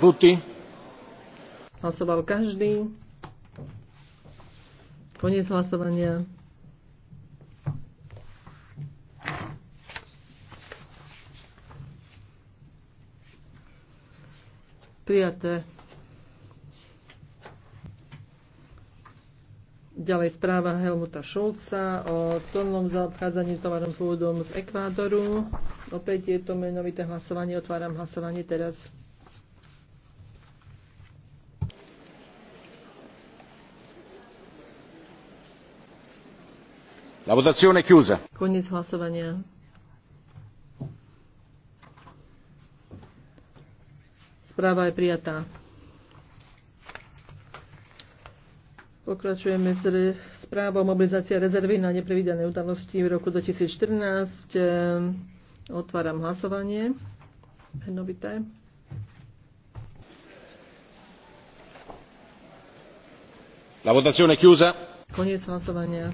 Voty. Hlasoval každý. Koniec hlasovania. Prijaté. Ďalej správa Helmuta Šulca o celnom zaobchádzaní s tovarom pôvodom z Ekvádoru. Opäť je to menovité hlasovanie. Otváram hlasovanie teraz. La votazione è chiusa. Koniec hlasovania. Správa je prijatá. Pokračujeme s re- správou mobilizácia rezervy na neprevídané udalosti v roku 2014. Ehm, otváram hlasovanie. Menovité. La votazione è chiusa. Koniec hlasovania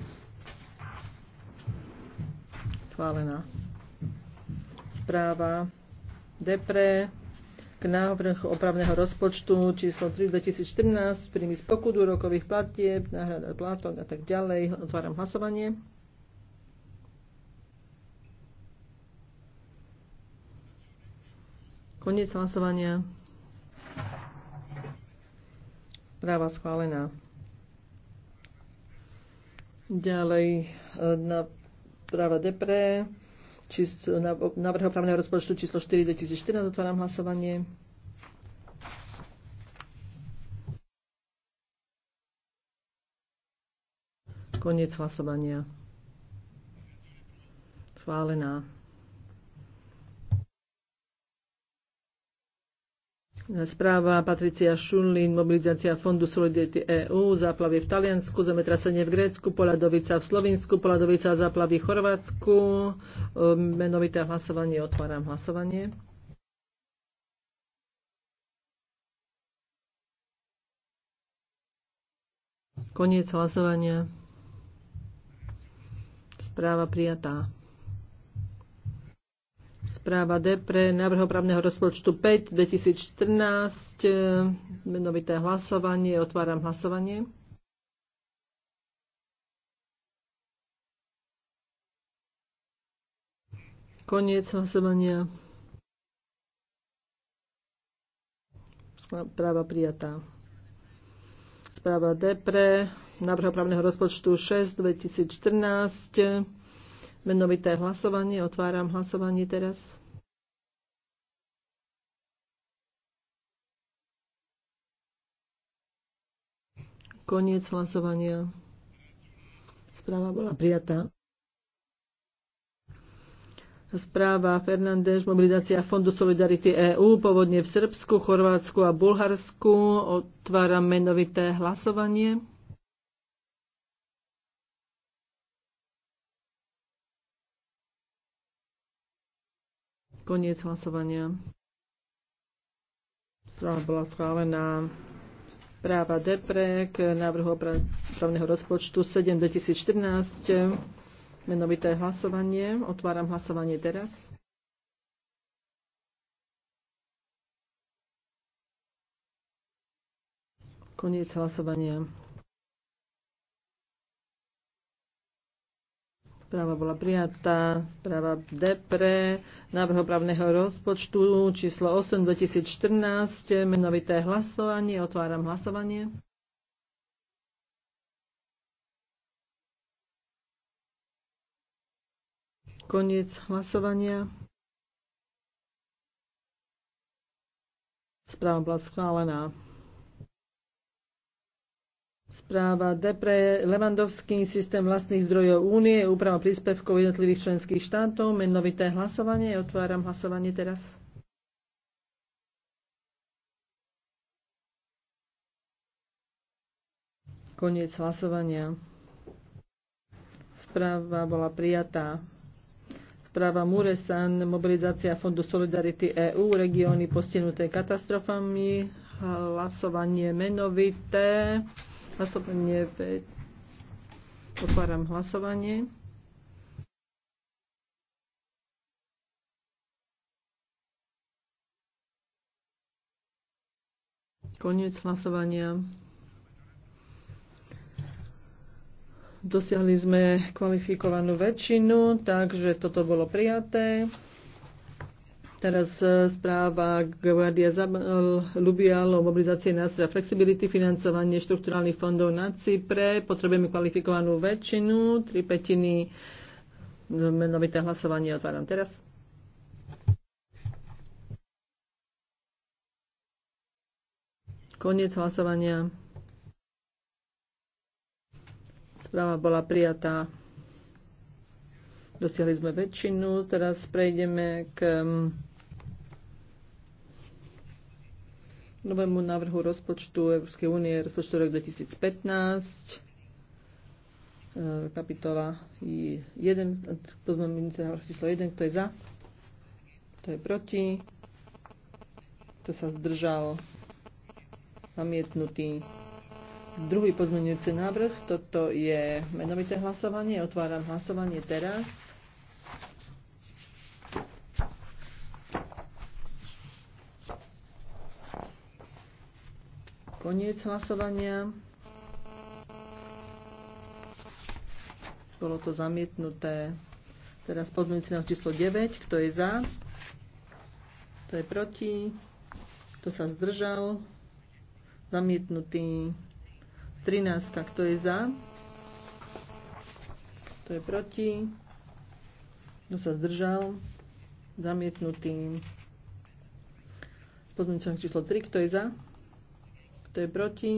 schválená. Správa DEPRE k návrhu opravného rozpočtu číslo 3 2014, príjmy z pokudu, rokových platieb, náhrada plátok a tak ďalej. Otváram hlasovanie. Koniec hlasovania. Správa schválená. Ďalej eh, na správa DEPRE, návrh opravného rozpočtu číslo 4 2014. Otváram hlasovanie. Koniec hlasovania. Schválená. Správa Patricia Šunlin, mobilizácia Fondu Solidarity EU, záplavy v Taliansku, zemetrasenie v Grécku, Poladovica v Slovensku, Poladovica záplavy v Chorvátsku. Um, menovité hlasovanie, otváram hlasovanie. Koniec hlasovania. Správa prijatá správa DEPRE, opravného rozpočtu 5 2014, eh, menovité hlasovanie, otváram hlasovanie. Koniec hlasovania. Práva prijatá. Správa DEPRE, návrh opravného rozpočtu 6 2014, menovité hlasovanie. Otváram hlasovanie teraz. Koniec hlasovania. Správa bola prijatá. Správa Fernández, mobilizácia Fondu Solidarity EÚ, pôvodne v Srbsku, Chorvátsku a Bulharsku. Otváram menovité hlasovanie. Koniec hlasovania. Správa bola schválená. Správa DEPRE k návrhu opravného rozpočtu 7 2014. Menovité hlasovanie. Otváram hlasovanie teraz. Koniec hlasovania. Správa bola prijatá. Správa DEPRE, návrh opravného rozpočtu číslo 8 2014, menovité hlasovanie. Otváram hlasovanie. Koniec hlasovania. Správa bola schválená správa DEPRE, Levandovský systém vlastných zdrojov únie, úprava príspevkov jednotlivých členských štátov, menovité hlasovanie. Otváram hlasovanie teraz. Koniec hlasovania. Správa bola prijatá. Správa Muresan, mobilizácia Fondu Solidarity EU, regióny postihnuté katastrofami, hlasovanie menovité. Hlasovanie V. Otváram hlasovanie. Koniec hlasovania. Dosiahli sme kvalifikovanú väčšinu, takže toto bolo prijaté. Teraz e, správa Guardia Zabal, e, Lubial o mobilizácii nástroja flexibility, financovanie štrukturálnych fondov na Cypre. Potrebujeme kvalifikovanú väčšinu, tri petiny e, menovité hlasovanie otváram teraz. Koniec hlasovania. Správa bola prijatá. Dosiahli sme väčšinu, teraz prejdeme k um, novému návrhu rozpočtu Európskej únie, rozpočtu rok 2015 e, kapitola 1, pozmeňujúce návrh číslo 1, kto je za, kto je proti, kto sa zdržal, zamietnutý. Druhý pozmeňujúci návrh, toto je menovité hlasovanie, otváram hlasovanie teraz. Koniec hlasovania. Bolo to zamietnuté. Teraz si na číslo 9. Kto je za? Kto je proti? Kto sa zdržal? Zamietnutý. 13. Kto je za? Kto je proti? Kto sa zdržal? Zamietnutý. na číslo 3. Kto je za? Kto je proti?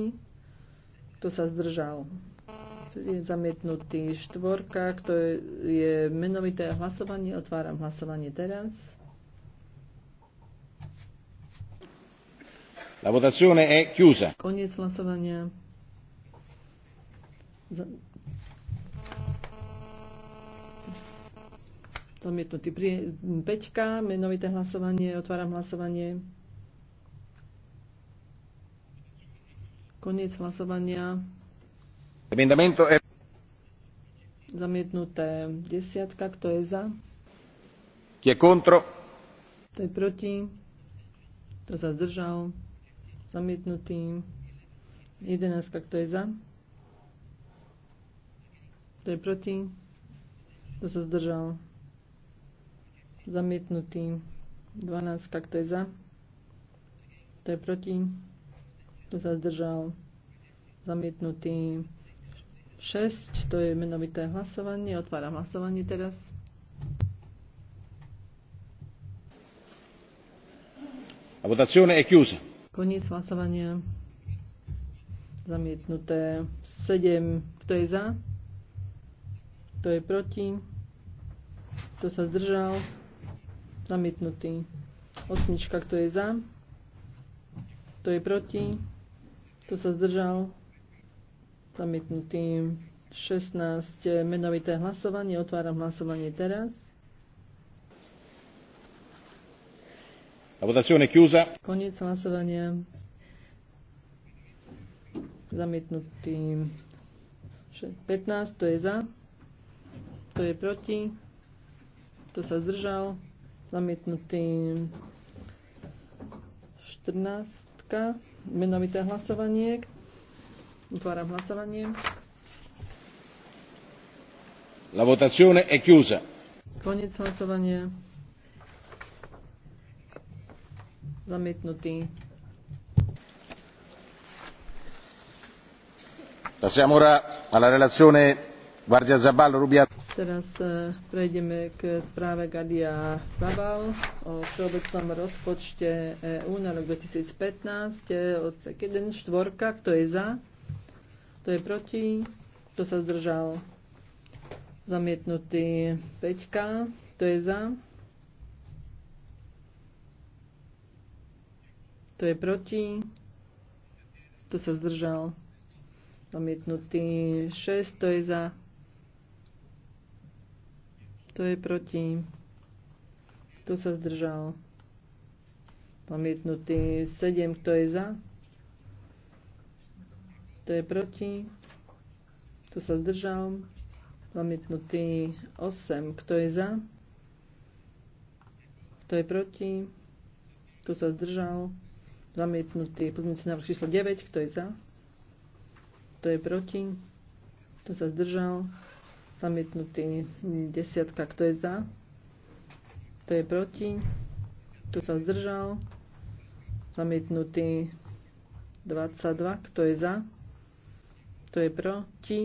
Kto sa zdržal? Je zamietnutý štvorka, kto je, je menovité hlasovanie. Otváram hlasovanie teraz. La votazione è chiusa. Koniec hlasovania. Zamietnutý 5, menovité hlasovanie, otváram hlasovanie. Koniec hlasovania. Zamietnuté desiatka, kto je za? Kto je kontro? Kto je proti? Kto sa zdržal? Zamietnutý. Jedenáctka, kto je za? Kto je proti? Kto sa zdržal? Zamietnutý. Dvanáctka, kto je za? Kto je proti? kto sa zdržal, zamietnutý 6, to je menovité hlasovanie, otváram hlasovanie teraz. A votazione è chiusa. Koniec hlasovania. Zamietnuté 7. Kto je za? Kto je proti? Kto sa zdržal? Zamietnutý. Osmička, kto je za? Kto je proti? To sa zdržal? Zamietnutý. 16. Eh, menovité hlasovanie. Otváram hlasovanie teraz. La votazione è chiusa. Koniec hlasovania. Zamietnutý. 15. To je za. To je proti. To sa zdržal. Zamietnutý. 14 jednotka, menovité hlasovanie. Otváram hlasovanie. La votazione è chiusa. Koniec hlasovania. Zamietnutý. Passiamo ora alla relazione Guardia Zaballo Rubiato. Teraz e, prejdeme k správe Gadia Zaval o všeobecnom rozpočte EU na rok 2015, e, odsek 1, 4, kto je za, kto je proti, kto sa zdržal, zamietnutý 5, kto je za, kto je proti, kto sa zdržal, zamietnutý 6, kto je za, kto je proti? Kto sa zdržal? Pamietnutý 7. Kto je za? Kto je proti? Kto sa zdržal? Pamietnutý 8. Kto je za? Kto je proti? Kto sa zdržal? Zamietnutý pozmeňujúci návrh číslo 9. Kto je za? Kto je proti? Kto sa zdržal? zamietnutý desiatka, kto je za, kto je proti, kto sa zdržal, zamietnutý 22, kto je za, kto je proti,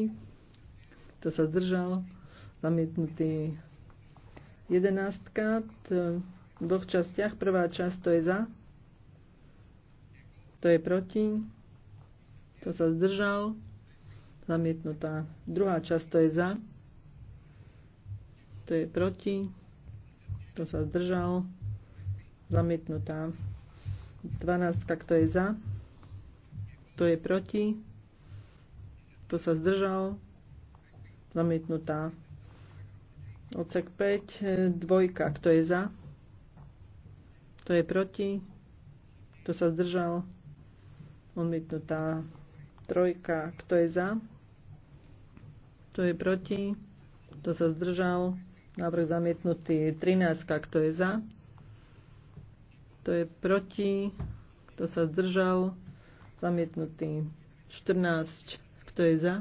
kto sa zdržal, zamietnutý 11, v dvoch častiach, prvá časť to je za, to je proti, to sa zdržal, zamietnutá. Druhá časť to je za, to je proti, to sa zdržal, zamietnutá. 12, kto je za, to je proti, to sa zdržal, zamietnutá. Odsek 5, e, dvojka, kto je za, to je proti, to sa zdržal, odmietnutá. Trojka, kto je za, to je proti, to sa zdržal, Návrh zamietnutý 13. Kto je za? Kto je proti? Kto sa zdržal? Zamietnutý 14. Kto je za?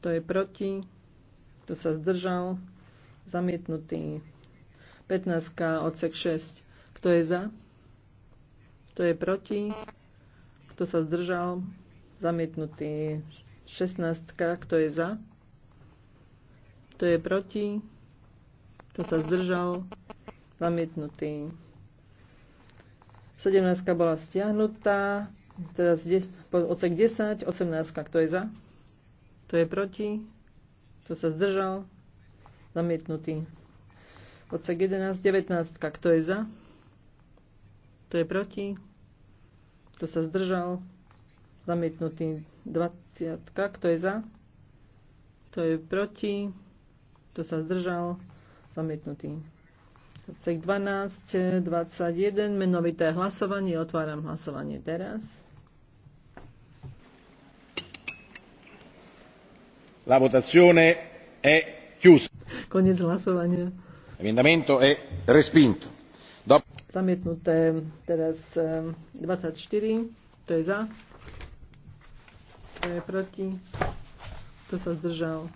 Kto je proti? Kto sa zdržal? Zamietnutý 15. odsek 6. Kto je za? Kto je proti? Kto sa zdržal? Zamietnutý 16. Kto je za? Kto je proti? Kto sa zdržal? Zamietnutý. 17 bola stiahnutá. Teraz odsek 10, 18. Kto je za? Kto je proti? Kto sa zdržal? Zamietnutý. Odsek 11, 19. Kto je za? Kto je proti? Kto sa zdržal? Zamietnutý. 20. Kto je za? Kto je proti? kto sa zdržal, zamietnutý. Odsek 12, 21, menovité hlasovanie, otváram hlasovanie teraz. La votazione è chiusa. Koniec hlasovania. Emendamento è respinto. Do... Zamietnuté teraz 24, ehm, to je za, to je proti, to sa zdržal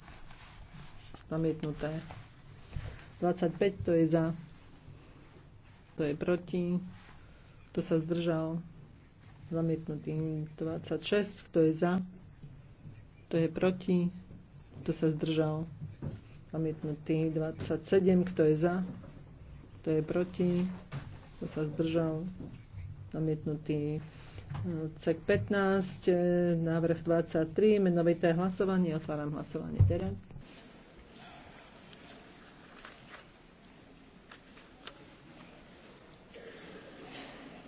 zamietnuté. 25, to je za, to je proti, kto sa zdržal, zamietnutý. 26, kto je za, To je proti, kto sa zdržal, zamietnutý. 27, kto je za, kto je proti, kto sa zdržal, zamietnutý. Cek 15, návrh 23, menovité hlasovanie. Otváram hlasovanie teraz.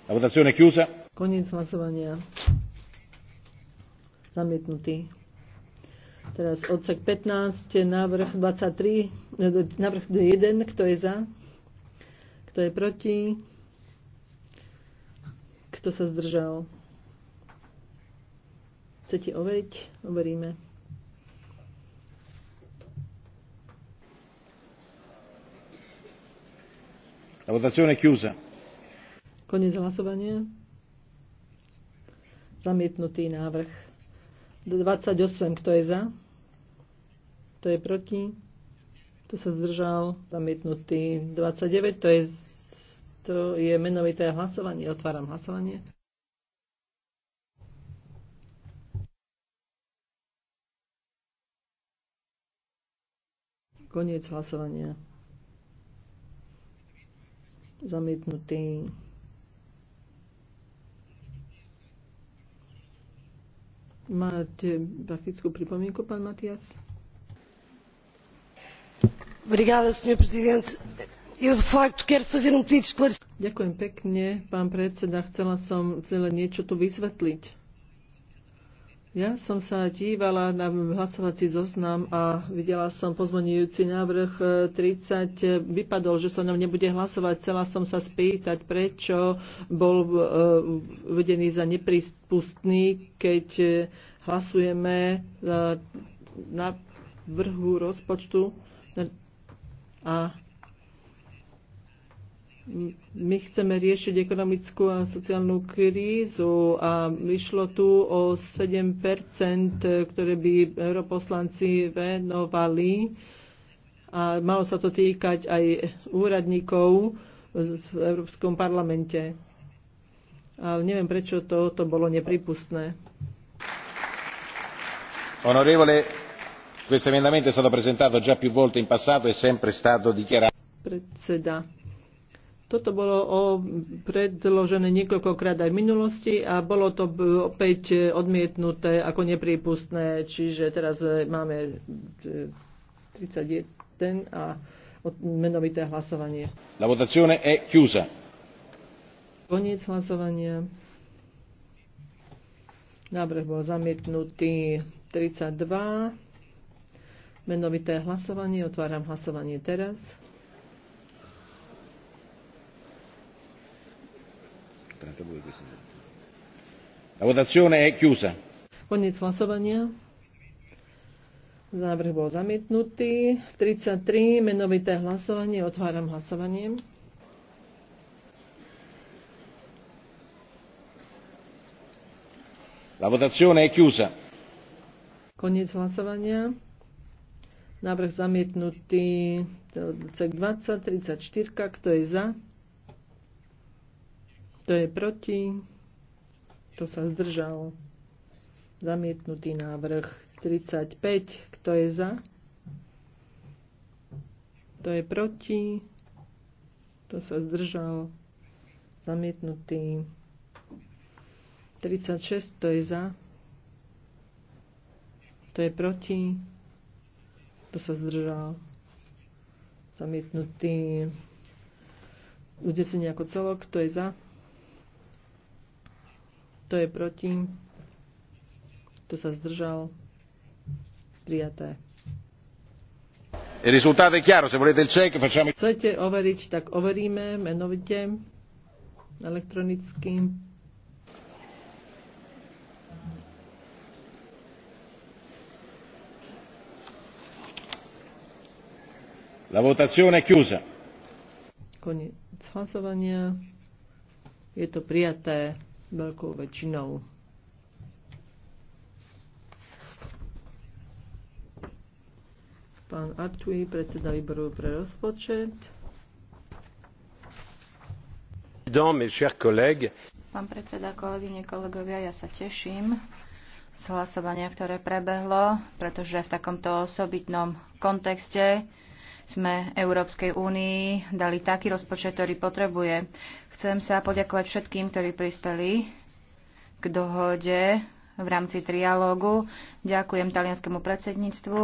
La votazione è chiusa. Koniec hlasovania. Zamietnutý. Teraz odsek 15, návrh 23, e, návrh 1, kto je za? Kto je proti? Kto sa zdržal? Chcete overiť? Overíme. La votazione è chiusa. Konec hlasovania. Zamietnutý návrh. 28. Kto je za? Kto je proti? Kto sa zdržal? Zamietnutý. 29. To je, to je menovité hlasovanie. Otváram hlasovanie. Koniec hlasovania. Zamietnutý. Máte faktickú pripomienku, pán Matias? Obrigada, senhor presidente. Eu, de facto, quero fazer um pedido de esclarecimento. Ďakujem pekne, pán predseda. Chcela som chcela niečo tu vysvetliť. Ja som sa dívala na hlasovací zoznam a videla som pozvonujúci návrh 30. E, Vypadol, že sa nám nebude hlasovať. Chcela som sa spýtať, prečo bol e, uvedený za neprípustný, keď e, hlasujeme na vrhu rozpočtu a my chceme riešiť ekonomickú a sociálnu krízu a išlo tu o 7 ktoré by europoslanci venovali a malo sa to týkať aj úradníkov v Európskom parlamente. Ale neviem, prečo to, to bolo nepripustné. Onorevole, questo emendamento è stato presentato già più volte in passato e sempre stato dichiarato. Predseda toto bolo predložené niekoľkokrát aj v minulosti a bolo to opäť odmietnuté ako neprípustné, čiže teraz e, máme 31 e, a menovité hlasovanie. La votazione è chiusa. Koniec hlasovania. Návrh bol zamietnutý 32. Menovité hlasovanie. Otváram hlasovanie teraz. La votazione è chiusa. Koniec hlasovania. Návrh bol zamietnutý. 33, menovité hlasovanie. Otváram hlasovanie. La votazione è chiusa. Koniec hlasovania. Návrh zamietnutý. C20, 34, kto je za? Kto je proti? Kto sa zdržal? Zamietnutý návrh 35. Kto je za? Kto je proti? Kto sa zdržal? Zamietnutý 36. Kto je za? Kto je proti? Kto sa zdržal? Zamietnutý uznesenie ako celok. Kto je za? Kto je proti? Kto sa zdržal? Prijaté. Il risultato chiaro, se volete il check facciamo... Chcete overiť, tak overíme menovite elektronicky. La votazione è chiusa. Koniec hlasovania. Je to prijaté veľkou väčšinou. Pán Artui, predseda výboru pre rozpočet. Pán predseda, kolegyne, kolegovia, ja sa teším z hlasovania, ktoré prebehlo, pretože v takomto osobitnom kontexte sme Európskej únii dali taký rozpočet, ktorý potrebuje. Chcem sa poďakovať všetkým, ktorí prispeli k dohode v rámci trialógu. Ďakujem talianskému predsedníctvu,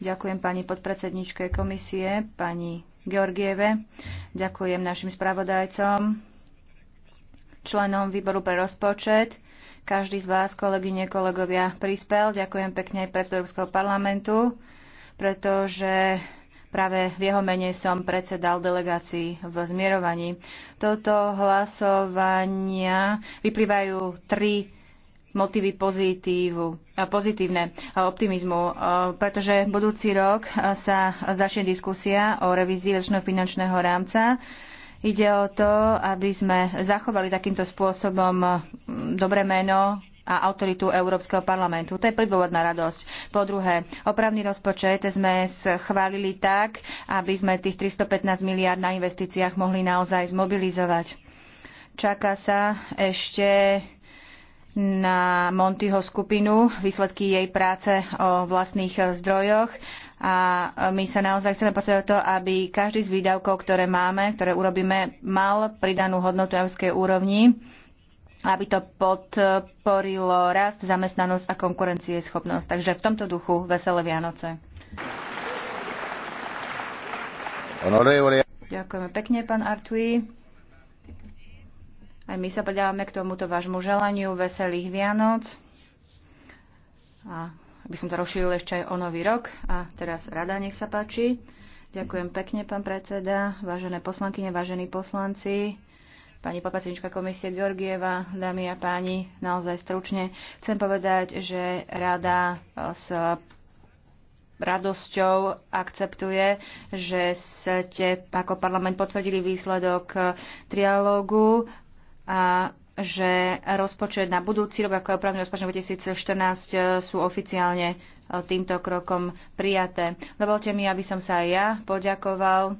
ďakujem pani podpredsedničke komisie, pani Georgieve, ďakujem našim spravodajcom, členom výboru pre rozpočet. Každý z vás, kolegyne, kolegovia, prispel. Ďakujem pekne aj pred Európskeho parlamentu, pretože Práve v jeho mene som predsedal delegácii v zmierovaní. Toto hlasovania vyplývajú tri motivy pozitívu, pozitívne optimizmu, pretože budúci rok sa začne diskusia o revízii väčšného finančného rámca. Ide o to, aby sme zachovali takýmto spôsobom dobré meno a autoritu Európskeho parlamentu. To je prvôvodná radosť. Po druhé, opravný rozpočet sme schválili tak, aby sme tých 315 miliard na investíciách mohli naozaj zmobilizovať. Čaká sa ešte na Montyho skupinu, výsledky jej práce o vlastných zdrojoch a my sa naozaj chceme posledať o to, aby každý z výdavkov, ktoré máme, ktoré urobíme, mal pridanú hodnotu európskej úrovni aby to podporilo rast, zamestnanosť a konkurencieschopnosť. Takže v tomto duchu veselé Vianoce. Ďakujeme pekne, pán Artui. Aj my sa podávame k tomuto vášmu želaniu veselých Vianoc. A aby som to rozšíril ešte aj o nový rok. A teraz rada, nech sa páči. Ďakujem pekne, pán predseda, vážené poslankyne, vážení poslanci pani podpredsednička komisie Georgieva, dámy a páni, naozaj stručne chcem povedať, že rada e, s radosťou akceptuje, že ste ako parlament potvrdili výsledok e, trialógu a že rozpočet na budúci rok, ako je opravný rozpočet 2014, e, sú oficiálne týmto krokom prijaté. Dovolte mi, aby som sa aj ja poďakoval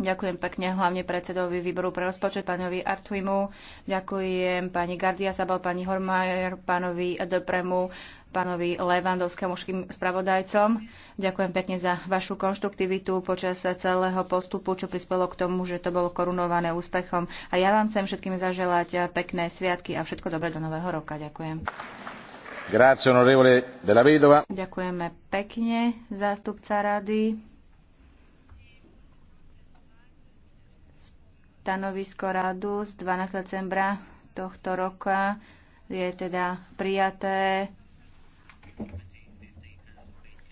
Ďakujem pekne hlavne predsedovi výboru pre rozpočet, pánovi Artwimu. Ďakujem pani Gardia Sabal, pani Hormajer, pánovi Depremu, pánovi Levandovskému všetkým spravodajcom. Ďakujem pekne za vašu konštruktivitu počas celého postupu, čo prispelo k tomu, že to bolo korunované úspechom. A ja vám chcem všetkým zaželať pekné sviatky a všetko dobré do nového roka. Ďakujem. Grazie, della Ďakujeme pekne, zástupca rady. Stanovisko radu z 12. decembra tohto roka je teda prijaté.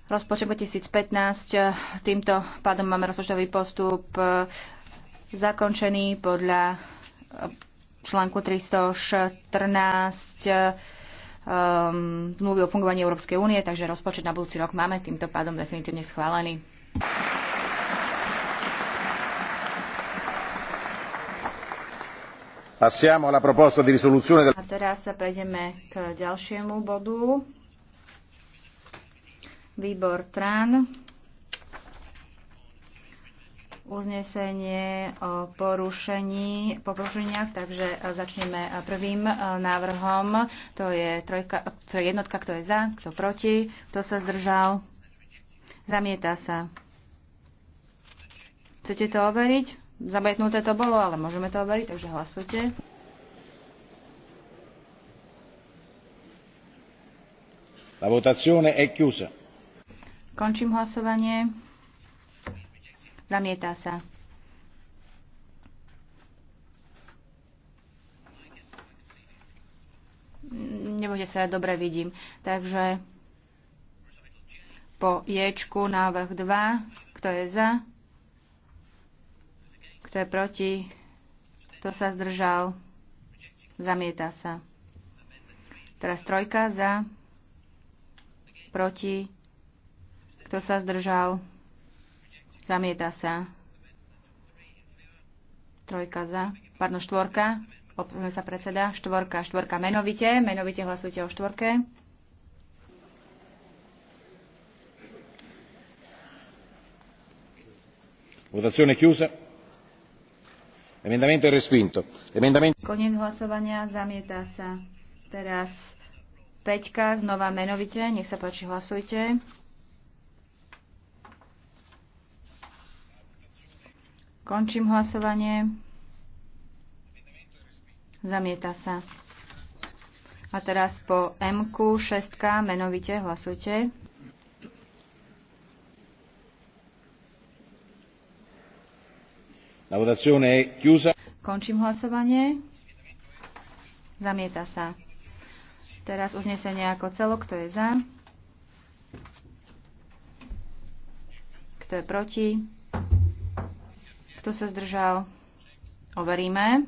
Rozpočet 2015, týmto pádom máme rozpočtový postup e, zakončený podľa e, článku 314 um, e, zmluvy o fungovaní Európskej únie, takže rozpočet na budúci rok máme týmto pádom definitívne schválený. Passiamo alla proposta di risoluzione del... A teraz sa prejdeme k ďalšiemu bodu. Výbor TRAN. Uznesenie o porušení, po porušeniach, takže e, začneme e, prvým e, návrhom. To je trojka, to je jednotka, kto je za, kto proti, kto sa zdržal. Zamieta sa. Chcete to overiť? Zabetnuté to bolo, ale môžeme to overiť, takže hlasujte. La votazione è chiusa. Končím hlasovanie. Zamietá sa. Nebude sa, ja dobre vidím. Takže po ječku návrh 2. Kto je za? Kto je proti? Kto sa zdržal? Zamieta sa. Teraz trojka za, proti, kto sa zdržal, zamieta sa. Trojka za, pardon, štvorka, opravme sa predseda, štvorka, štvorka menovite, menovite hlasujte o štvorke. Votazione chiusa. Emendamento je respinto. Emendamento... Koniec hlasovania zamieta sa. Teraz Peťka, znova menovite. Nech sa páči, hlasujte. Končím hlasovanie. Zamieta sa. A teraz po MQ 6 menovite hlasujte. La votazione è chiusa. Končím hlasovanie. Zamieta sa. Teraz uznesenie ako celok, kto je za. Kto je proti? Kto sa zdržal? Overíme.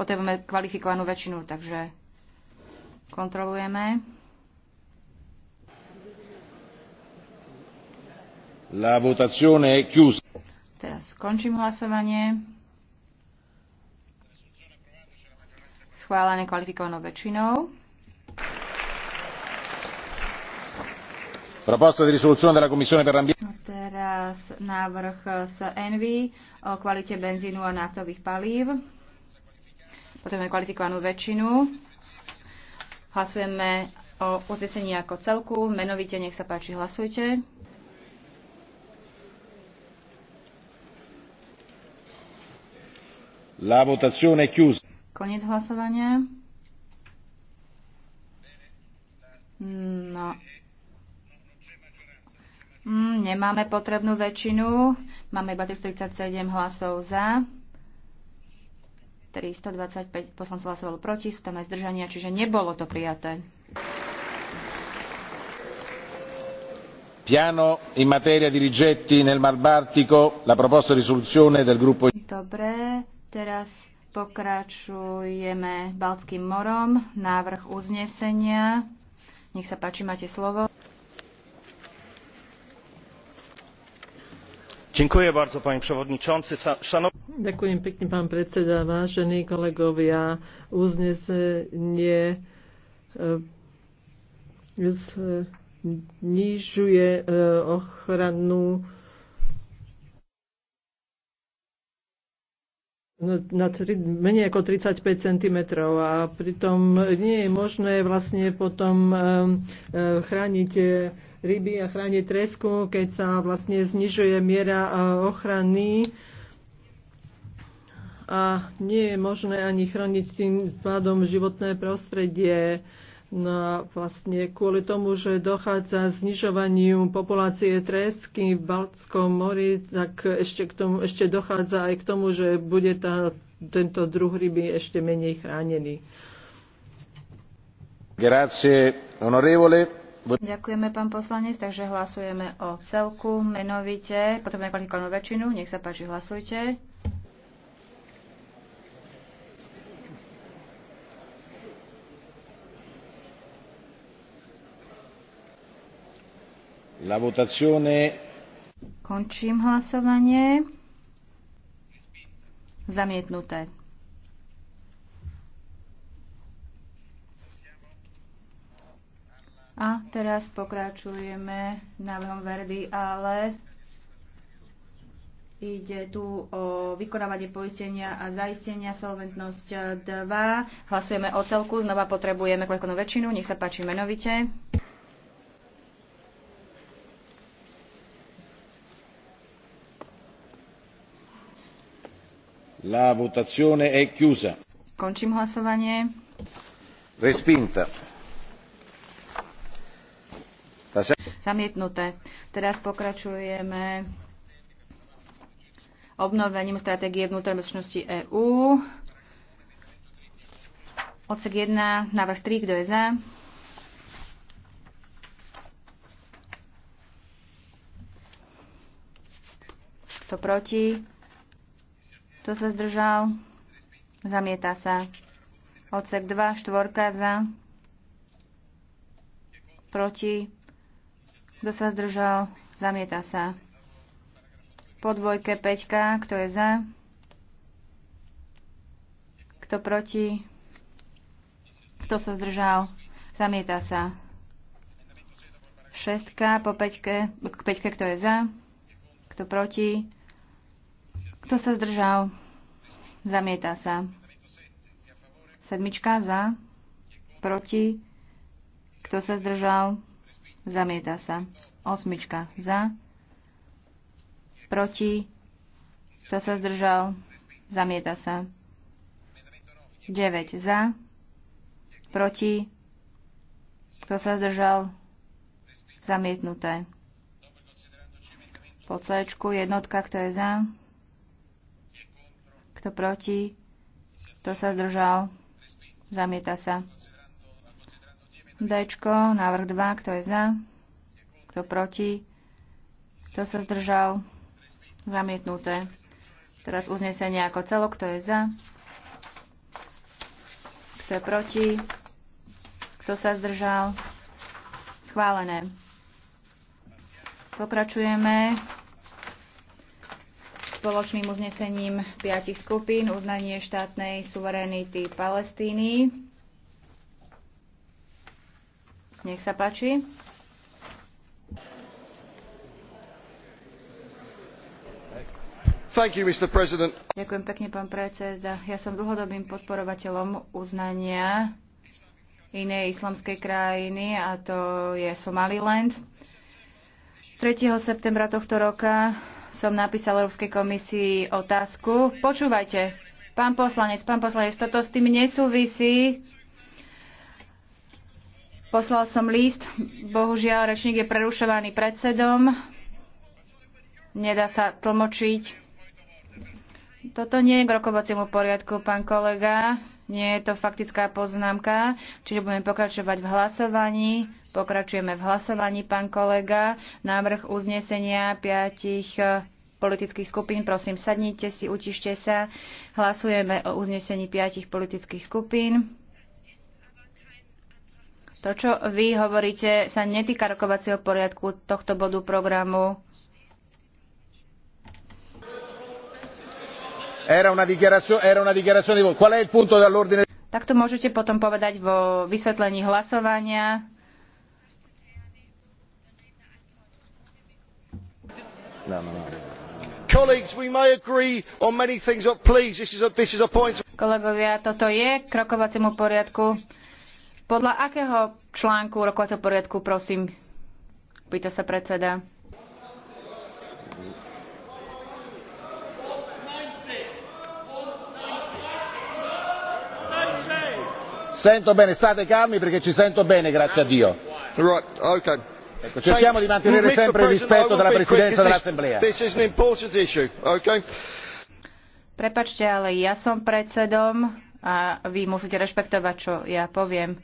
Potrebujeme kvalifikovanú väčšinu, takže kontrolujeme. La votazione è chiusa. Teraz skončím hlasovanie. Schválené kvalifikovanou väčšinou. Proposta di risoluzione della Commissione per l'ambiente. Teraz návrh z Envy o kvalite benzínu a naftových palív. Potrebujeme kvalifikovanú väčšinu. Hlasujeme o uznesení ako celku. Menovite, nech sa páči, hlasujte. La votazione è chiusa. Koniec hlasovania. No. Mm, nemáme potrebnú väčšinu. Máme iba 37 hlasov za. 325 poslancov hlasovalo proti, sú tam aj zdržania, čiže nebolo to prijaté. Piano in materia di rigetti nel Mar Baltico, la proposta di risoluzione del gruppo... Dobre, Teraz pokračujeme Balckým morom. Návrh uznesenia. Nech sa páči, máte slovo. Ďakujem bardzo, pani przewodniczący. Szanowni Ďakujem pekne, pán predseda, vážení kolegovia. Uznesenie e, znižuje ochranu No, na tri, menej ako 35 cm a pritom nie je možné vlastne potom ehm, eh, chrániť eh, ryby a chrániť tresku, keď sa vlastne znižuje miera eh, ochrany a nie je možné ani chrániť tým pádom životné prostredie. No a vlastne kvôli tomu, že dochádza znižovaniu populácie tresky v Baltskom mori, tak ešte, k tomu, ešte dochádza aj k tomu, že bude tá, tento druh ryby ešte menej chránený. Grazie, onorevole. Ďakujeme, pán poslanec, takže hlasujeme o celku menovite, potom kvalifikovanú väčšinu. Nech sa páči, hlasujte. La votazione... Končím hlasovanie. Zamietnuté. A teraz pokračujeme návrhom Verdy, ale Ide tu o vykonávanie poistenia a zaistenia solventnosť 2. Hlasujeme o celku. Znova potrebujeme kvalifikovanú väčšinu. Nech sa páči menovite. La votazione è chiusa. Končím hlasovanie. Respinta. Se... Zamietnuté. Teraz pokračujeme obnovením stratégie vnútornej bezpečnosti EÚ. Odsek 1, návrh 3, kto je za? Kto proti? Kto sa zdržal? Zamieta sa. Odsek 2, štvorka za. Proti. Kto sa zdržal? Zamieta sa. Po dvojke 5, kto je za? Kto proti? Kto sa zdržal? Zamieta sa. Šestka po 5, k 5, kto je za? Kto proti? Kto sa zdržal? Zamieta sa. Sedmička za. Proti. Kto sa zdržal? Zamieta sa. Osmička za. Proti. Kto sa zdržal? Zamieta sa. 9 za. Proti. Kto sa zdržal? Zamietnuté. Po C jednotka, kto je za? Kto proti? Kto sa zdržal? Zamieta sa. Dčko, návrh 2, kto je za? Kto proti? Kto sa zdržal? Zamietnuté. Teraz uznesenie ako celo. kto je za? Kto je proti? Kto sa zdržal? Schválené. Pokračujeme spoločným uznesením piatich skupín uznanie štátnej suverenity Palestíny. Nech sa páči. You, Ďakujem pekne, pán predseda. Ja som dlhodobým podporovateľom uznania inej islamskej krajiny a to je Somaliland. 3. septembra tohto roka som napísal Európskej komisii otázku. Počúvajte, pán poslanec, pán poslanec, toto s tým nesúvisí. Poslal som list, bohužiaľ rečník je prerušovaný predsedom, nedá sa tlmočiť. Toto nie je k rokovaciemu poriadku, pán kolega. Nie je to faktická poznámka, čiže budeme pokračovať v hlasovaní. Pokračujeme v hlasovaní, pán kolega. Návrh uznesenia piatich e, politických skupín. Prosím, sadnite si, utište sa. Hlasujeme o uznesení piatich politických skupín. To, čo vy hovoríte, sa netýka rokovacieho poriadku tohto bodu programu. Era una dichiarazione, era una dichiarazione di voto. Qual è il punto dell'ordine? Takto môžete potom povedať vo vysvetlení hlasovania. No, no, no. Colleagues, we may agree on many things, but please, this is a, this is a point. Kolegovia, toto je k rokovaciemu poriadku. Podľa akého článku rokovacieho poriadku, prosím, pýta sa predseda. sento bene state calmi perché ci sento bene grazie a dio ecco, cerchiamo di mantenere sempre il rispetto della presidenza dell'assemblea prepačte ale ja som predsedom a vy musíte rešpektovať čo ja poviem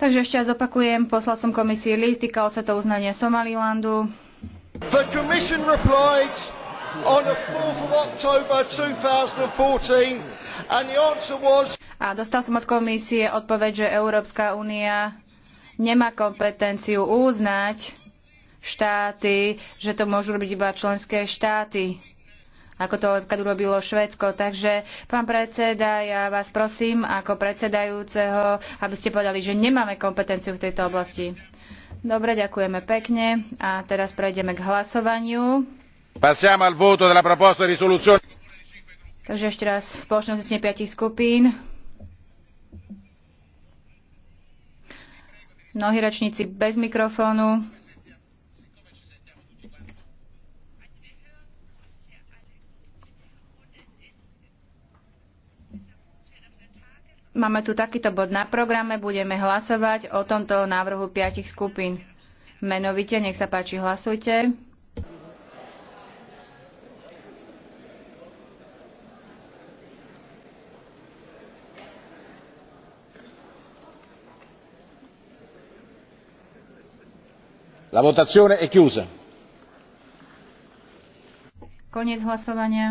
takže ešte raz opakujem poslal som komisii list týkalo sa to uznanie somalilandu The Commission replied on the 4th of October 2014 and the answer was a dostal som od komisie odpoveď, že Európska únia nemá kompetenciu uznať štáty, že to môžu robiť iba členské štáty ako to napríklad urobilo Švédsko. Takže, pán predseda, ja vás prosím ako predsedajúceho, aby ste povedali, že nemáme kompetenciu v tejto oblasti. Dobre, ďakujeme pekne. A teraz prejdeme k hlasovaniu. al voto della proposta di Takže ešte raz spoločnosť z piatich skupín. Mnohí rečníci bez mikrofónu. Máme tu takýto bod na programe, budeme hlasovať o tomto návrhu piatich skupín. Menovite, nech sa páči, hlasujte. la votazione è chiusa koniec hlasovania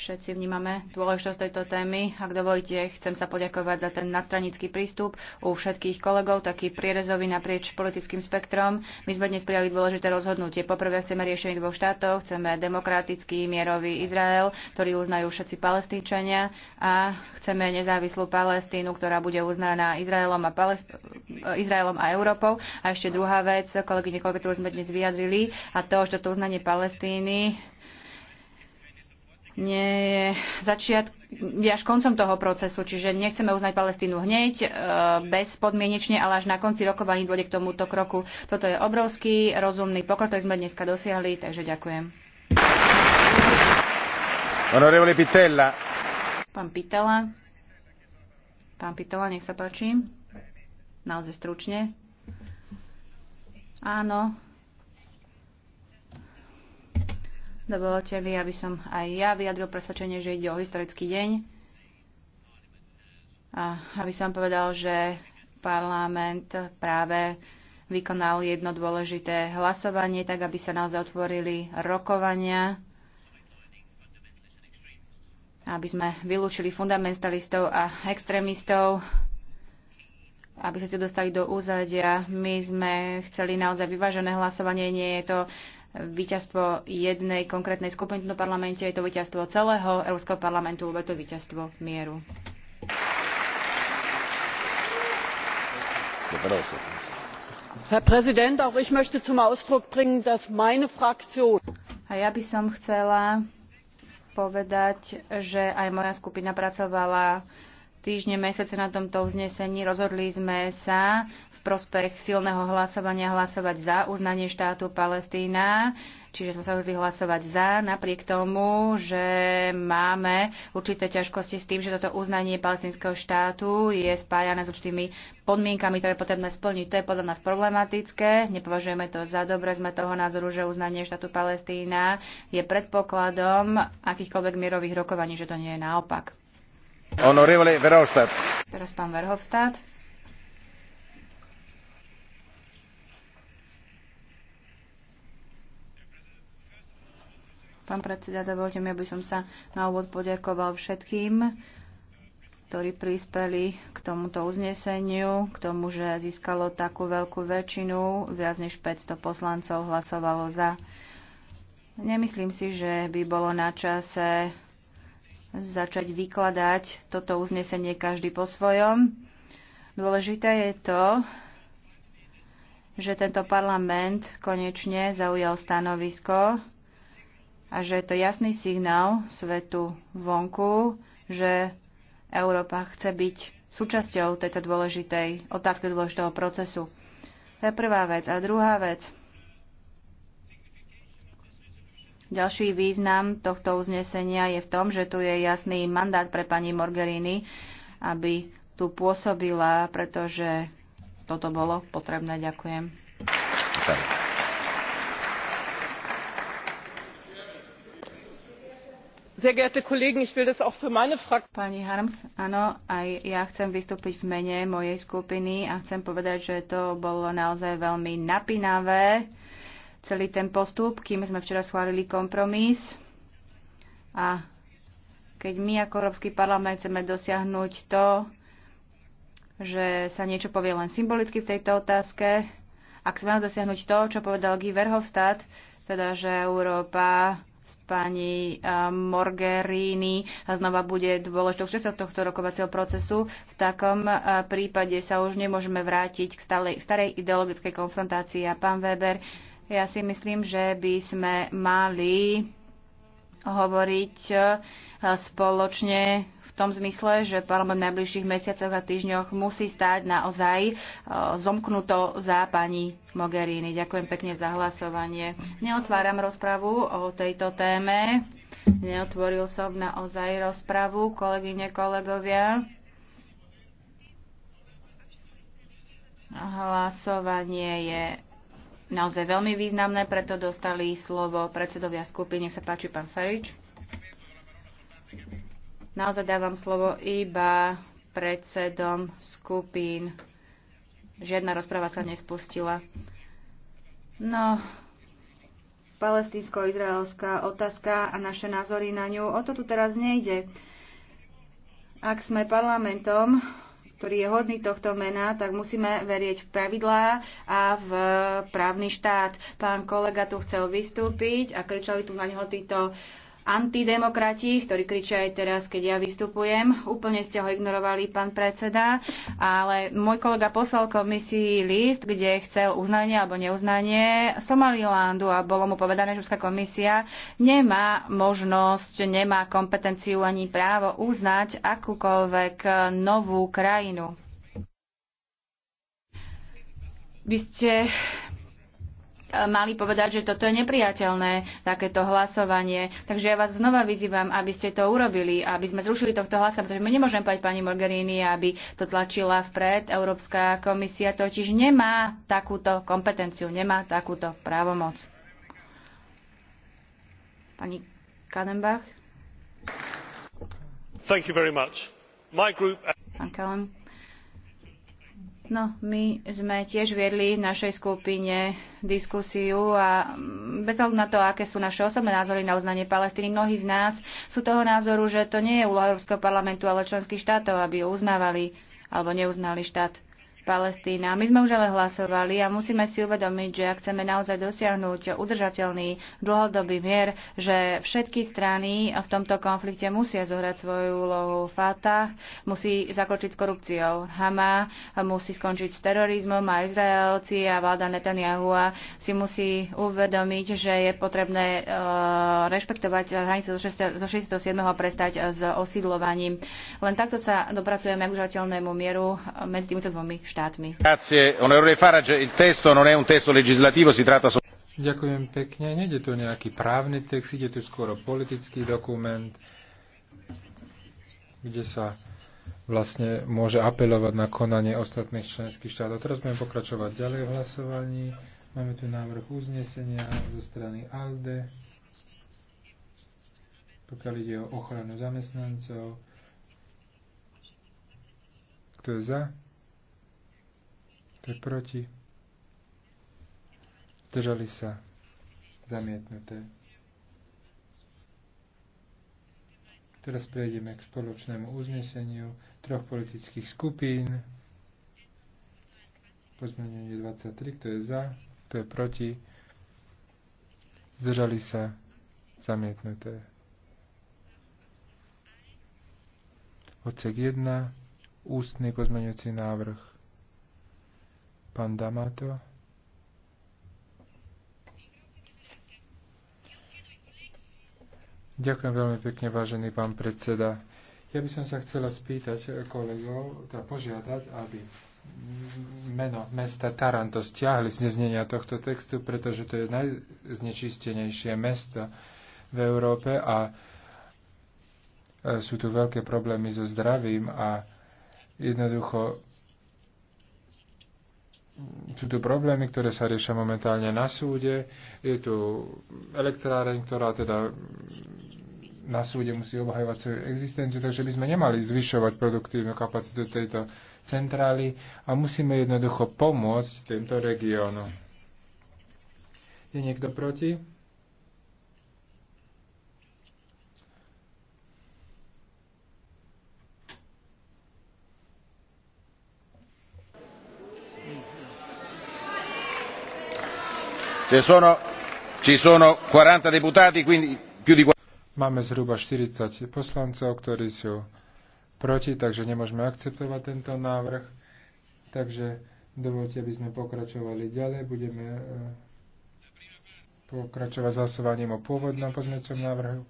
všetci vnímame dôležitosť tejto témy. Ak dovolíte, chcem sa poďakovať za ten nadstranický prístup u všetkých kolegov, taký prierezový naprieč politickým spektrom. My sme dnes prijali dôležité rozhodnutie. Poprvé chceme riešenie dvoch štátov, chceme demokratický mierový Izrael, ktorý uznajú všetci palestínčania a chceme nezávislú Palestínu, ktorá bude uznaná Izraelom a, Palest- Izraelom a Európou. A ešte druhá vec, kolegy kolegy, ktorú sme dnes vyjadrili, a to, že toto uznanie Palestíny nie je začiat, až koncom toho procesu, čiže nechceme uznať Palestínu hneď, e, bezpodmienečne, ale až na konci rokovaní dôjde k tomuto kroku. Toto je obrovský rozumný pokrok, ktorý sme dneska dosiahli, takže ďakujem. Honorevole Pitella. Pán Pitela. Pán Pitela, nech sa páči. Naozaj stručne. Áno, Dovolte mi, aby som aj ja vyjadril presvedčenie, že ide o historický deň. A aby som povedal, že parlament práve vykonal jedno dôležité hlasovanie, tak aby sa naozaj otvorili rokovania, aby sme vylúčili fundamentalistov a extrémistov, aby sa ste dostali do úzadia. My sme chceli naozaj vyvážené hlasovanie, nie je to uh, víťazstvo jednej konkrétnej skupiny v parlamente, je to víťazstvo celého Európskeho parlamentu, je to víťazstvo mieru. Herr Präsident, auch ich möchte zum Ausdruck bringen, dass meine Fraktion. A ja by som chcela povedať, že aj moja skupina pracovala týždne, mesiace na tomto uznesení. Rozhodli sme sa, prospech silného hlasovania hlasovať za uznanie štátu Palestína. Čiže sme sa rozhodli hlasovať za, napriek tomu, že máme určité ťažkosti s tým, že toto uznanie palestinského štátu je spájané s určitými podmienkami, ktoré je potrebné splniť. To je podľa nás problematické. Nepovažujeme to za dobre. Sme toho názoru, že uznanie štátu Palestína je predpokladom akýchkoľvek mierových rokovaní, že to nie je naopak. Verhofstadt. Teraz pán Verhofstadt. Pán predseda, dovolte mi, aby som sa na úvod poďakoval všetkým, ktorí prispeli k tomuto uzneseniu, k tomu, že získalo takú veľkú väčšinu, viac než 500 poslancov hlasovalo za. Nemyslím si, že by bolo na čase začať vykladať toto uznesenie každý po svojom. Dôležité je to, že tento parlament konečne zaujal stanovisko, a že je to jasný signál svetu vonku, že Európa chce byť súčasťou tejto dôležitej otázky dôležitého procesu. To je prvá vec. A druhá vec. Ďalší význam tohto uznesenia je v tom, že tu je jasný mandát pre pani Morgerini, aby tu pôsobila, pretože toto bolo potrebné. Ďakujem. Ďakujem. Pani Harms, áno, aj ja chcem vystúpiť v mene mojej skupiny a chcem povedať, že to bolo naozaj veľmi napínavé, celý ten postup, kým sme včera schválili kompromis. A keď my ako Európsky parlament chceme dosiahnuť to, že sa niečo povie len symbolicky v tejto otázke, ak chceme dosiahnuť to, čo povedal Guy Verhofstadt, teda že Európa pani eh, Morgerini znova bude dôležitou súčasťou tohto rokovacieho procesu. V takom eh, prípade sa už nemôžeme vrátiť k starej, starej ideologickej konfrontácii. A pán Weber, ja si myslím, že by sme mali hovoriť eh, spoločne tom zmysle, že parlament v najbližších mesiacoch a týždňoch musí stáť naozaj e, zomknuto za pani Mogherini. Ďakujem pekne za hlasovanie. Neotváram rozpravu o tejto téme. Neotvoril som naozaj rozpravu, kolegyne, kolegovia. Hlasovanie je naozaj veľmi významné, preto dostali slovo predsedovia skupiny. Nech sa páči, pán Ferič. Naozaj dávam slovo iba predsedom skupín. Žiadna rozpráva sa nespustila. No, palestínsko-izraelská otázka a naše názory na ňu. O to tu teraz nejde. Ak sme parlamentom, ktorý je hodný tohto mena, tak musíme verieť v pravidlá a v právny štát. Pán kolega tu chcel vystúpiť a kričali tu na neho títo antidemokrati, ktorí kričia aj teraz, keď ja vystupujem. Úplne ste ho ignorovali, pán predseda, ale môj kolega poslal komisii list, kde chcel uznanie alebo neuznanie Somalilandu a bolo mu povedané, že Európska komisia nemá možnosť, nemá kompetenciu ani právo uznať akúkoľvek novú krajinu. Vy ste mali povedať, že toto je nepriateľné, takéto hlasovanie. Takže ja vás znova vyzývam, aby ste to urobili, aby sme zrušili tohto hlasa, pretože my nemôžeme povedať pani Morgerini, aby to tlačila vpred. Európska komisia totiž nemá takúto kompetenciu, nemá takúto právomoc. Pani Kadenbach. Thank you very much. My group... Pán Kalem. No, my sme tiež viedli v našej skupine diskusiu a bez ohľadu na to, aké sú naše osobné názory na uznanie Palestíny, mnohí z nás sú toho názoru, že to nie je úloha Európskeho parlamentu, ale členských štátov, aby uznávali alebo neuznali štát Palestína. My sme už ale hlasovali a musíme si uvedomiť, že ak chceme naozaj dosiahnuť udržateľný dlhodobý mier, že všetky strany v tomto konflikte musia zohrať svoju úlohu. Fatah musí zakočiť s korupciou. Hama musí skončiť s terorizmom a Izraelci a vláda Netanyahu si musí uvedomiť, že je potrebné e, rešpektovať hranice zo 67. a prestať s osídlovaním. Len takto sa dopracujeme k udržateľnému mieru medzi týmito dvomi štátmi. Ďakujem pekne. Nede tu nejaký právny text, ide tu o politický dokument, kde sa vlastne môže apelovať na konanie ostatných členských štátov. Teraz budeme pokračovať ďalej v hlasovaní. Máme tu návrh uznesenia zo strany ALDE, pokiaľ ide o ochranu zamestnancov. Kto je za? To je proti. Zdržali sa. Zamietnuté. Teraz prejdeme k spoločnému uzneseniu troch politických skupín. Pozmenenie 23, kto je za, kto je proti. Zdržali sa zamietnuté. Odsek 1, ústny pozmenujúci návrh. Pán Damato. Ďakujem veľmi pekne, vážený pán predseda. Ja by som sa chcela spýtať kolegov, teda požiadať, aby meno mesta Taranto stiahli z neznenia tohto textu, pretože to je najznečistenejšie mesto v Európe a e, sú tu veľké problémy so zdravím a jednoducho sú tu problémy, ktoré sa riešia momentálne na súde. Je tu elektráreň, ktorá teda na súde musí obhajovať svoju existenciu, takže by sme nemali zvyšovať produktívnu kapacitu tejto centrály a musíme jednoducho pomôcť týmto regiónom. Je niekto proti? Máme zhruba štyridsať poslancov, ktorí sú proti, takže nemôžeme akceptovať tento návrh. Takže dovolte, aby sme pokračovali ďalej. Budeme eh, pokračovať s hlasovaním o pôvodnom pozmeňujúcom návrhu.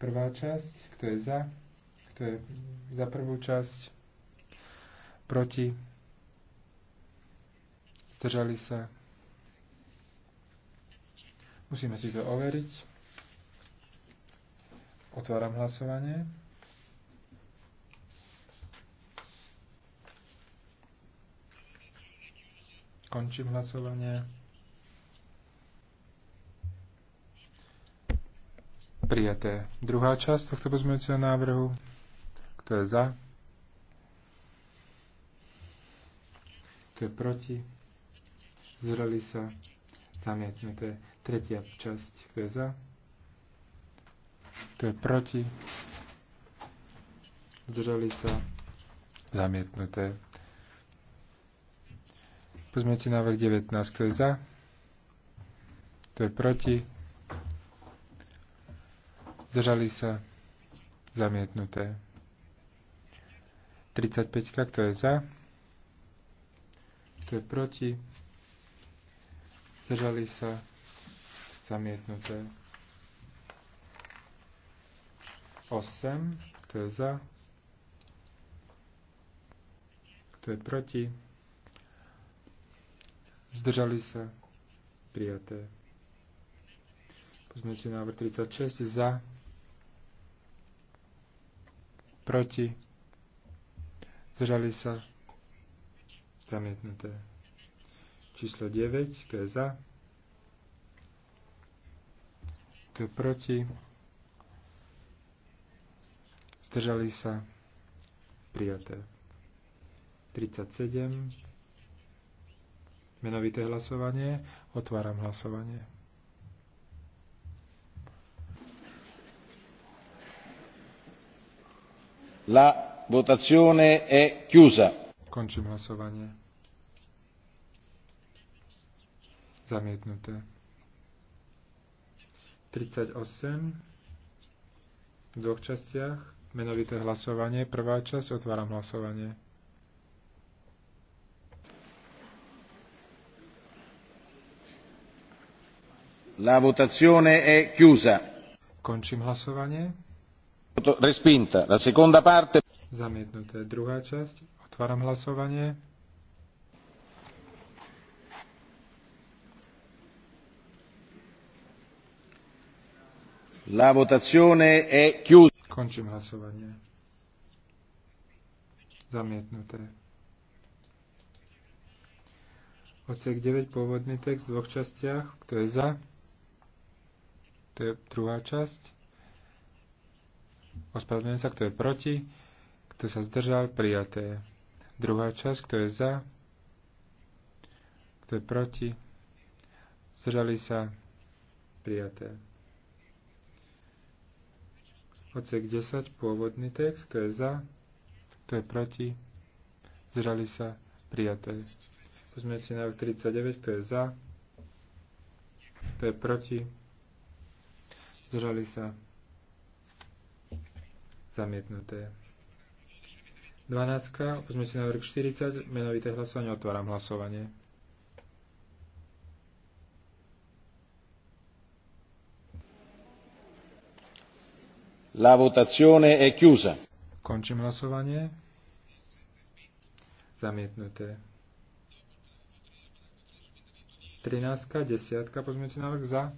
Prvá časť, kto je za, kto je za prvú časť, proti, zdržali sa, Musíme si to overiť. Otváram hlasovanie. Končím hlasovanie. Prijaté. Druhá časť tohto pozmeňujúceho návrhu. Kto je za? Kto je proti? Zreli sa. Zamietnuté. Tretia časť, kto je za? Kto je proti? Zdržali sa? Zamietnuté. si návrh 19, To je za? Kto je proti? Zdržali sa? Zamietnuté. 35, kto je za? Kto je proti? Zdržali sa? zamietnuté. 8, kto je za, kto je proti, zdržali sa, prijaté. Pozmeňte návrh 36, za, proti, zdržali sa, zamietnuté. Číslo 9, kto je za, kto je proti, zdržali sa, prijaté. 37, menovité hlasovanie, otváram hlasovanie. La votazione è chiusa. Končím hlasovanie. Zamietnuté. 38 v dvoch častiach. Menovité hlasovanie. Prvá časť. Otváram hlasovanie. La votazione è chiusa. Končím hlasovanie. Respinta. La seconda parte. Zamietnuté. Druhá časť. Otváram hlasovanie. La votazione è chiusa. Končím hlasovanie. Zamietnuté. Odsek 9, pôvodný text v dvoch častiach. Kto je za? To je druhá časť. Ospravedlňujem sa, kto je proti. Kto sa zdržal, prijaté. Druhá časť, kto je za? Kto je proti? Zdržali sa, prijaté. Odsek 10, pôvodný text, kto je za, kto je proti, zdržali sa, prijaté. si návrh 39, kto je za, kto je proti, zdržali sa, zamietnuté. 12. si návrh 40, menovité hlasovanie, otváram hlasovanie. La votazione è chiusa. Končím hlasovanie. Zamietnuté. 13, 10, pozmeňujúci návrh za.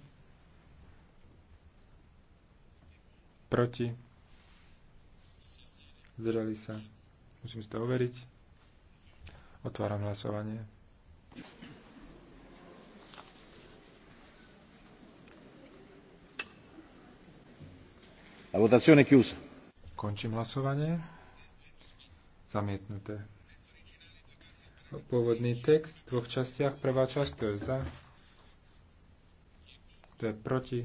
Proti. Zdržali sa. Musím si to overiť. Otváram hlasovanie. La votazione è chiusa. Končím hlasovanie. Zamietnuté. Pôvodný text v dvoch častiach. Prvá časť, kto je za, kto je proti,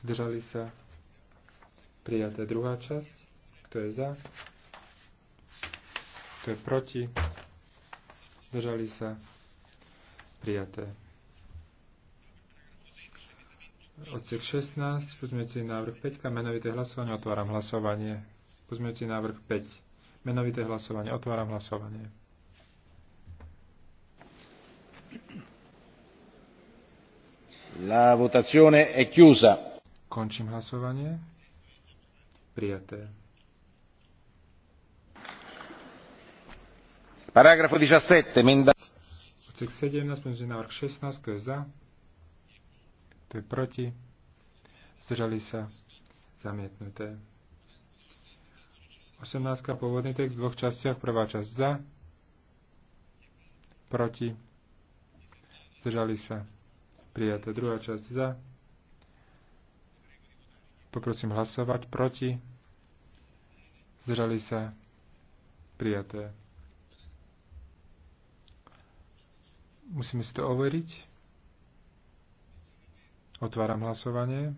zdržali sa, prijaté druhá časť, kto je za, kto je proti, zdržali sa, prijaté. Odsek 16, pozmeňujúci návrh 5, menovité hlasovanie, otváram hlasovanie. Pozmeňujúci návrh 5, menovité hlasovanie, otváram hlasovanie. La votazione è chiusa. Končím hlasovanie. Prijaté. Paragrafo 17, menda... Odsek 17, pozmeňujúci návrh 16, kto je za? Kto je proti? Zdržali sa? Zamietnuté. 18. Pôvodný text v dvoch častiach. Prvá časť za. Proti. Zdržali sa? prijaté. Druhá časť za. Poprosím hlasovať. Proti. Zdržali sa? Prijaté. Musíme si to overiť. Otváram hlasovanie.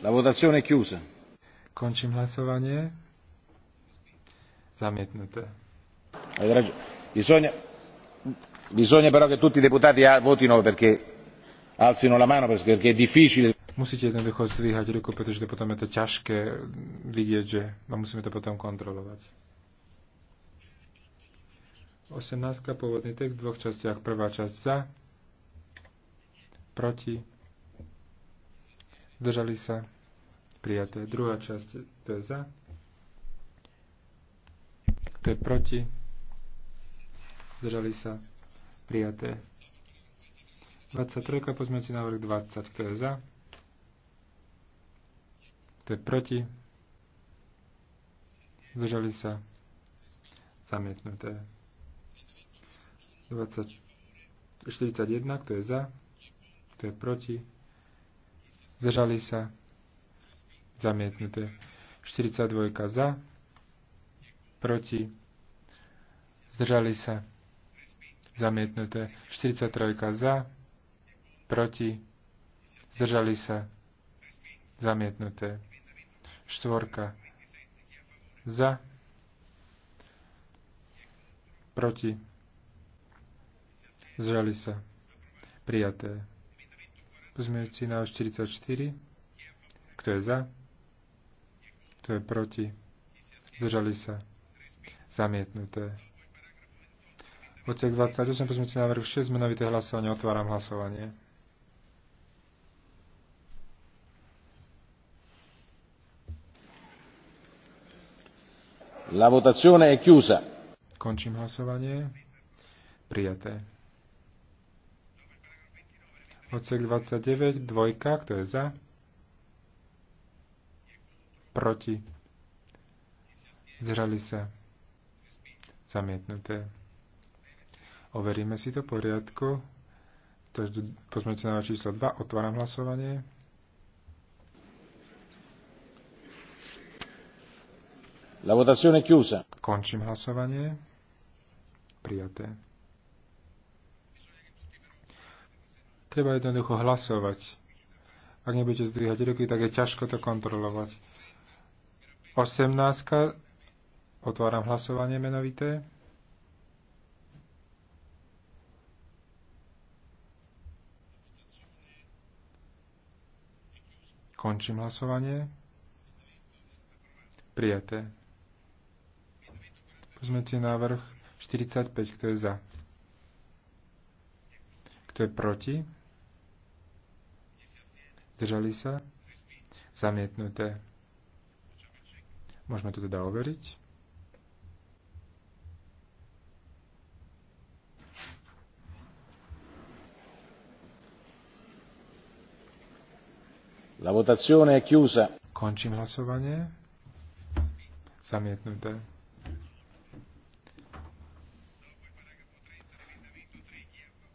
La votazione è chiusa. Končím hlasovanie. Zamietnuté. Bisogna, bisogna però che tutti i deputati ah, votino perché alzino la mano perché è difficile. Musíte jednoducho zdvíhať ruku, pretože potom je to ťažké vidieť, že a musíme to potom kontrolovať. 18. Pôvodný text v dvoch častiach. Prvá časť za, proti, zdržali sa, prijaté. Druhá časť, to je za, to je proti, zdržali sa, prijaté. 23. pozmeňujúci návrh 20, to je za, to je proti, zdržali sa, zamietnuté. 20, 41, kto je za, kto je proti, zdržali sa, zamietnuté. 42 za, proti, zdržali sa, zamietnuté. 43 za, proti, zdržali sa, zamietnuté. 4 za, proti, zdržali sa, zamietnuté zžali sa. Prijaté. Pozmejúci na 44. Kto je za? Kto je proti? Zdržali sa. Zamietnuté. Odsek 28, pozmeňujúci návrh 6, menovité hlasovanie. Otváram hlasovanie. La votazione è chiusa. Končím hlasovanie. Prijaté. Odsek 29, dvojka, kto je za? Proti. Zrali sa. Zamietnuté. Overíme si to poriadku. Pozmeňte na číslo 2. Otváram hlasovanie. La votazione è chiusa. Končím hlasovanie. Prijaté. Treba jednoducho hlasovať. Ak nebudete zdvíhať ruky, tak je ťažko to kontrolovať. 18. Otváram hlasovanie menovité. Končím hlasovanie. Prijaté. Pozmete návrh 45, kto je za. Kto je proti? Držali sa? Zamietnuté. Môžeme to teda overiť. La votazione è chiusa. Končím hlasovanie. Zamietnuté.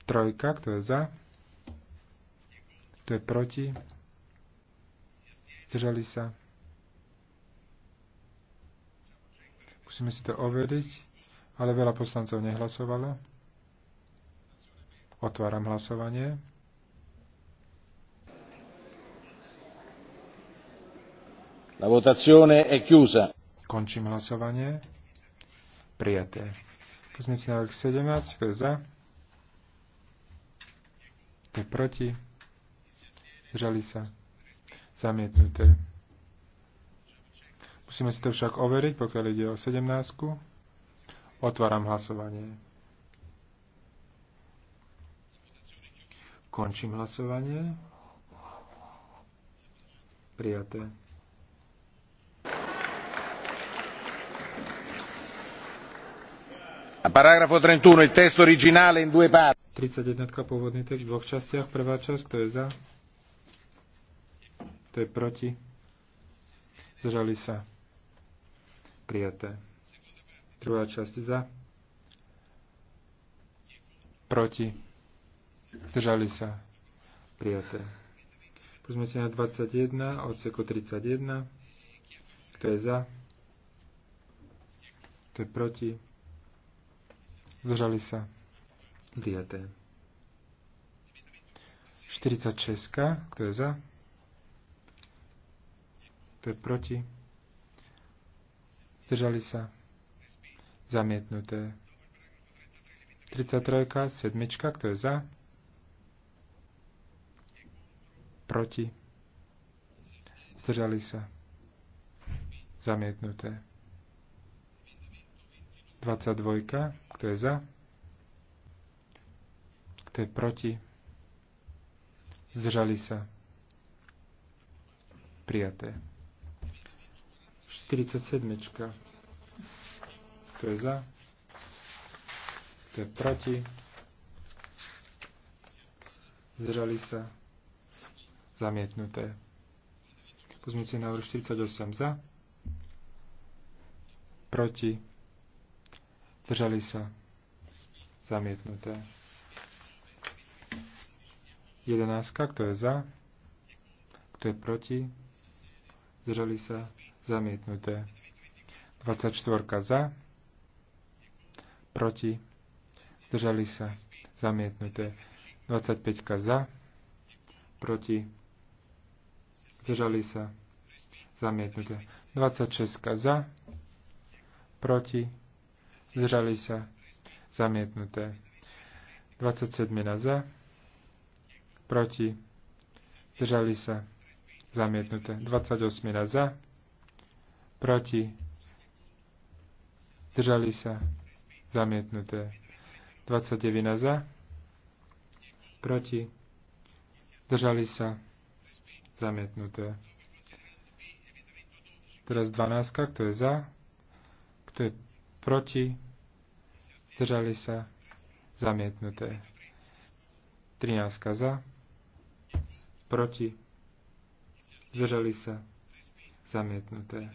Trojka, kto je za? Kto je proti? Zdržali sa? Musíme si to overiť, ale veľa poslancov nehlasovalo. Otváram hlasovanie. La votazione è chiusa. Končím hlasovanie. Prijaté. Pozmite návrh 17, kto je za? Kto je proti? žali sa? Zamietnuté. Musíme si to však overiť, pokiaľ ide o 17. Otváram hlasovanie. Končím hlasovanie. Prijaté. A paragrafo 31, il testo originale in due parti. 31. pôvodný text v dvoch častiach. Prvá časť, kto je za? Kto je proti? Zdržali sa. Prijaté. Druhá časť za. Proti. Zdržali sa. Prijaté. sa na 21, odseko 31. Kto je za? Kto je proti? Zdržali sa. Prijaté. 46. Kto je za? Kto je proti? Zdržali sa? Zamietnuté. 33. Sedmička. Kto je za? Proti? Zdržali sa? Zamietnuté. 22. Kto je za? Kto je proti? Zdržali sa? Prijaté. 47. Kto je za? Kto je proti? Zdržali sa? Zamietnuté. Pozmite návrh 48 za. Proti? Zdržali sa? Zamietnuté. 11. Kto je za? Kto je proti? Zdržali sa? zamietnuté. 24 za, proti, zdržali sa, zamietnuté. 25 za, proti, zdržali sa, zamietnuté. 26 za, proti, zdržali sa, zamietnuté. 27 za, proti, zdržali sa, zamietnuté. 28 za, proti, zdržali sa, zamietnuté. 29 za, proti, zdržali sa, zamietnuté. Teraz 12, kto je za, kto je proti, zdržali sa, zamietnuté. 13 za, proti, zdržali sa, zamietnuté.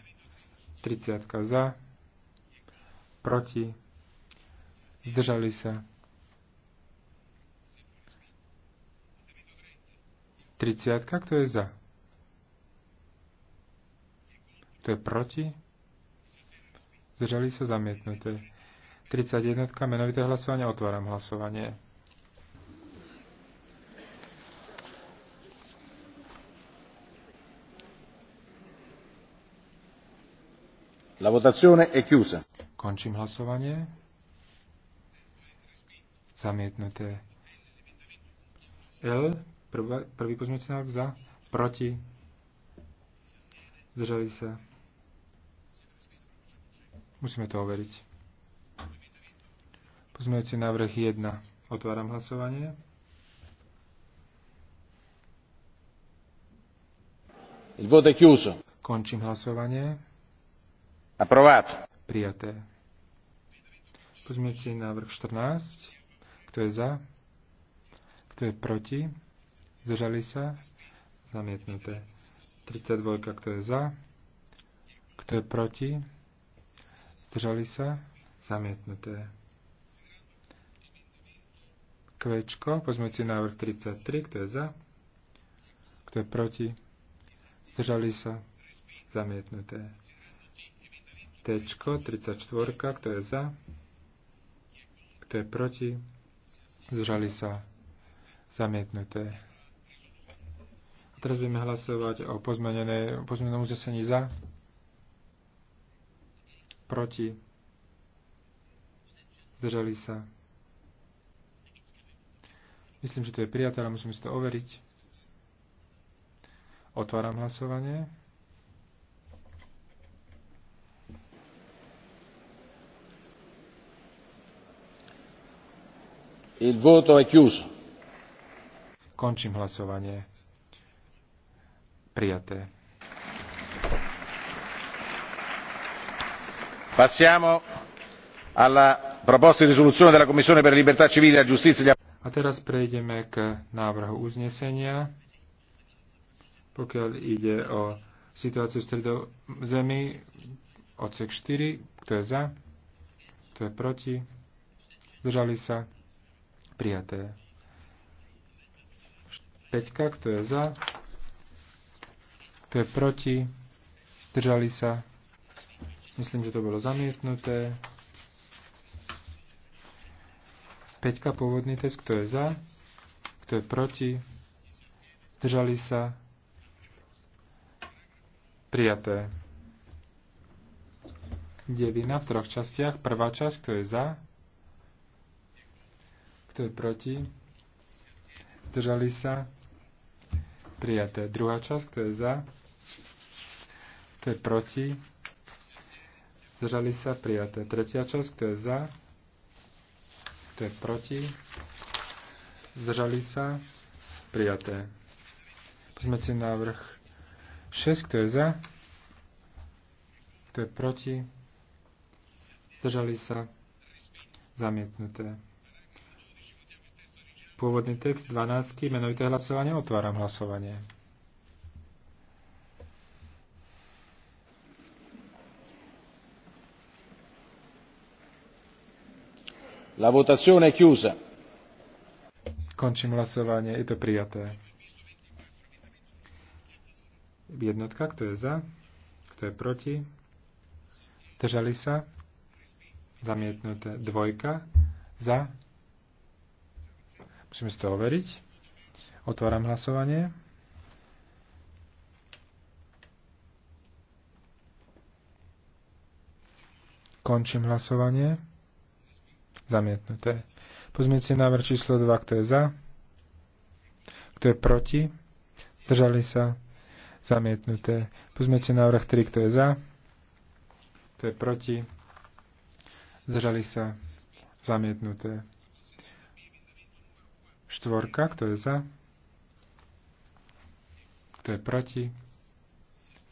30 za, proti, zdržali sa. 30, kto je za? Kto je proti? Zdržali sa zamietnuté. 31. Menovité hlasovanie. Otváram hlasovanie. La votazione è chiusa. Končím hlasovanie. Zamietnuté. L, prvá, prvý pozmeňujúci návrh za, proti, zdržali sa. Musíme to overiť. Pozmeňujúci návrh 1. Otváram hlasovanie. Il voto è chiuso. Končím hlasovanie. Aprovato. Prijaté. Pozmite návrh 14. Kto je za? Kto je proti? Zdržali sa? Zamietnuté. 32. Kto je za? Kto je proti? Zdržali sa? Zamietnuté. Kvečko, pozmeňujúci návrh 33, kto je za? Kto je proti? Zdržali sa? Zamietnuté. T, 34, kto je za, kto je proti, zdržali sa zamietnuté. A teraz budeme hlasovať o pozmenenom uznesení za, proti, zdržali sa. Myslím, že to je prijaté, ale musím si to overiť. Otváram hlasovanie. Il voto è chiuso. Končím hlasovanie. Prijaté. Passiamo alla proposta di risoluzione della Commissione per le libertà civili, e la giustizia e a teraz prejdeme k návrhu uznesenia, pokiaľ ide o situáciu v stredozemi, odsek 4, kto je za, kto je proti, držali sa, Prijaté. Peťka, kto je za, kto je proti, držali sa. Myslím, že to bolo zamietnuté. 5, pôvodný test, kto je za, kto je proti, Držali sa. Prijaté. Devina v troch častiach. Prvá časť, kto je za, kto je proti? Zdržali sa? Prijaté. Druhá časť. Kto je za? Kto je proti? Zdržali sa? Prijaté. Tretia časť. Kto je za? Kto je proti? Zdržali sa? Prijaté. si návrh 6. Kto je za? Kto je proti? Zdržali sa? Zamietnuté. Pôvodný text 12. Menovité hlasovanie. Otváram hlasovanie. La votazione è chiusa. Končím hlasovanie. Je to prijaté. Jednotka, kto je za, kto je proti. Držali sa. Zamietnuté. Dvojka. Za, Musíme si to overiť. Otváram hlasovanie. Končím hlasovanie. Zamietnuté. Pozmite návrh číslo 2, kto je za, kto je proti, držali sa, zamietnuté. Pozmite návrh 3, kto je za, kto je proti, zdržali sa, zamietnuté. Štvorka, kto je za? Kto je proti?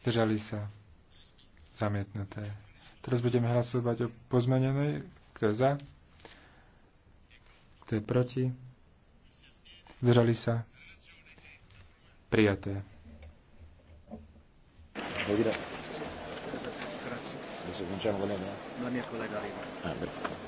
Držali sa? Zamietnuté. Teraz budeme hlasovať o pozmenenej. Kto je za? Kto je proti? Držali sa? Prijaté. Grazie. Adesso cominciamo con la mia collega Riva. Ah, beh.